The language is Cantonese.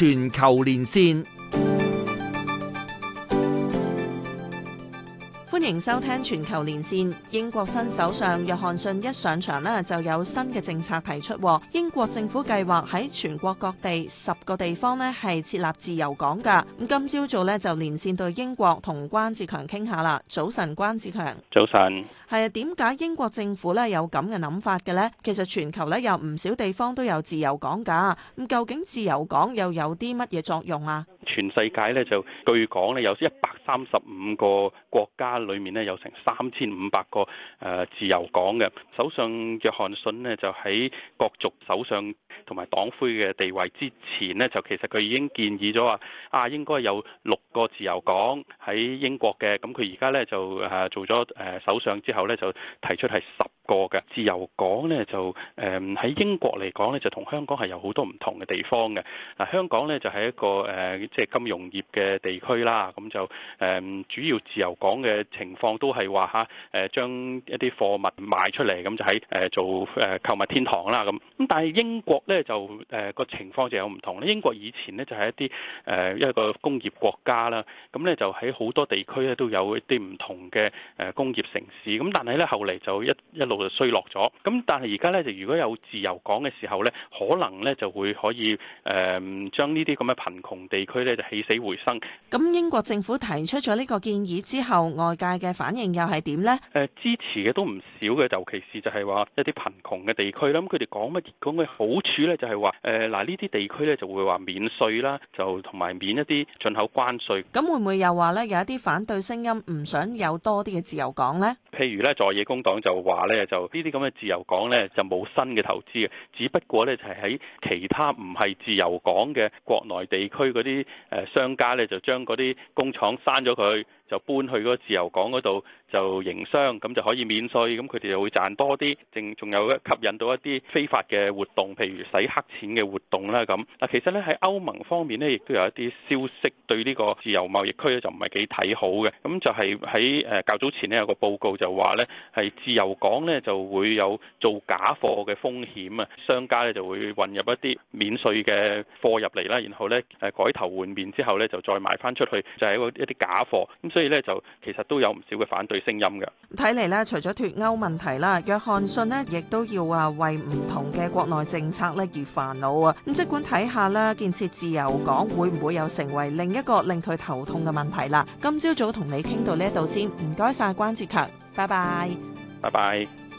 全球連線。歡迎收聽全球連線。英國新首相約翰遜一上場咧，就有新嘅政策提出。英國政府計劃喺全國各地十個地方咧係設立自由港噶咁今朝早咧就連線到英國同關志強傾下啦。早晨，關志強。早晨。係啊，點解英國政府咧有咁嘅諗法嘅呢？其實全球咧有唔少地方都有自由港噶。咁究竟自由港又有啲乜嘢作用啊？全世界咧就據講咧有135個國家裡面咧有成3500個誒自由港。嘅首相約翰遜呢就喺角逐首相同埋黨魁嘅地位之前呢，就其實佢已經建議咗話啊應該有六。個自由港喺英國嘅，咁佢而家呢就誒做咗誒首相之後呢，就提出係十個嘅自由港呢就誒喺英國嚟講呢就同香港係有好多唔同嘅地方嘅。嗱，香港呢就係一個誒，即係金融業嘅地區啦，咁就誒主要自由港嘅情況都係話嚇誒將一啲貨物賣出嚟，咁就喺誒做誒購物天堂啦咁。咁但係英國呢，就誒個情況就有唔同啦。英國以前呢，就係一啲誒一個工業國家。啦，咁咧就喺好多地區咧都有一啲唔同嘅誒工業城市，咁但係咧後嚟就一一路就衰落咗，咁但係而家咧就如果有自由港嘅時候咧，可能咧就會可以誒將呢啲咁嘅貧窮地區咧就起死回生。咁英國政府提出咗呢個建議之後，外界嘅反應又係點咧？誒支持嘅都唔少嘅，尤其是就係話一啲貧窮嘅地區啦，咁佢哋講乜講嘅好處咧，就係話誒嗱呢啲地區咧就會話免稅啦，就同埋免一啲進口關。咁會，唔會又話咧有一啲反對聲音，唔想有多啲嘅自由港咧？譬如咧，在野工黨就話咧，就呢啲咁嘅自由港咧，就冇新嘅投資嘅，只不過咧就係喺其他唔係自由港嘅國內地區嗰啲商家咧，就將嗰啲工廠閂咗佢，就搬去嗰個自由港嗰度就營商，咁就可以免稅，咁佢哋就會賺多啲，淨仲有吸引到一啲非法嘅活動，譬如洗黑錢嘅活動啦咁。嗱，其實咧喺歐盟方面咧，亦都有一啲消息對呢個自由貿易區咧就唔係幾睇好嘅，咁就係喺誒較早前咧有個報告就。話咧係自由港咧就會有做假貨嘅風險啊，商家咧就會混入一啲免稅嘅貨入嚟啦，然後咧誒改頭換面之後咧就再賣翻出去，就係一啲假貨。咁所以咧就其實都有唔少嘅反對聲音嘅。睇嚟咧，除咗脫歐問題啦，約翰遜亦都要話為唔同嘅國內政策咧而煩惱啊。咁即管睇下啦，建設自由港會唔會有成為另一個令佢頭痛嘅問題啦？今朝早同你傾到呢一度先，唔該晒關志強。拜拜，拜拜。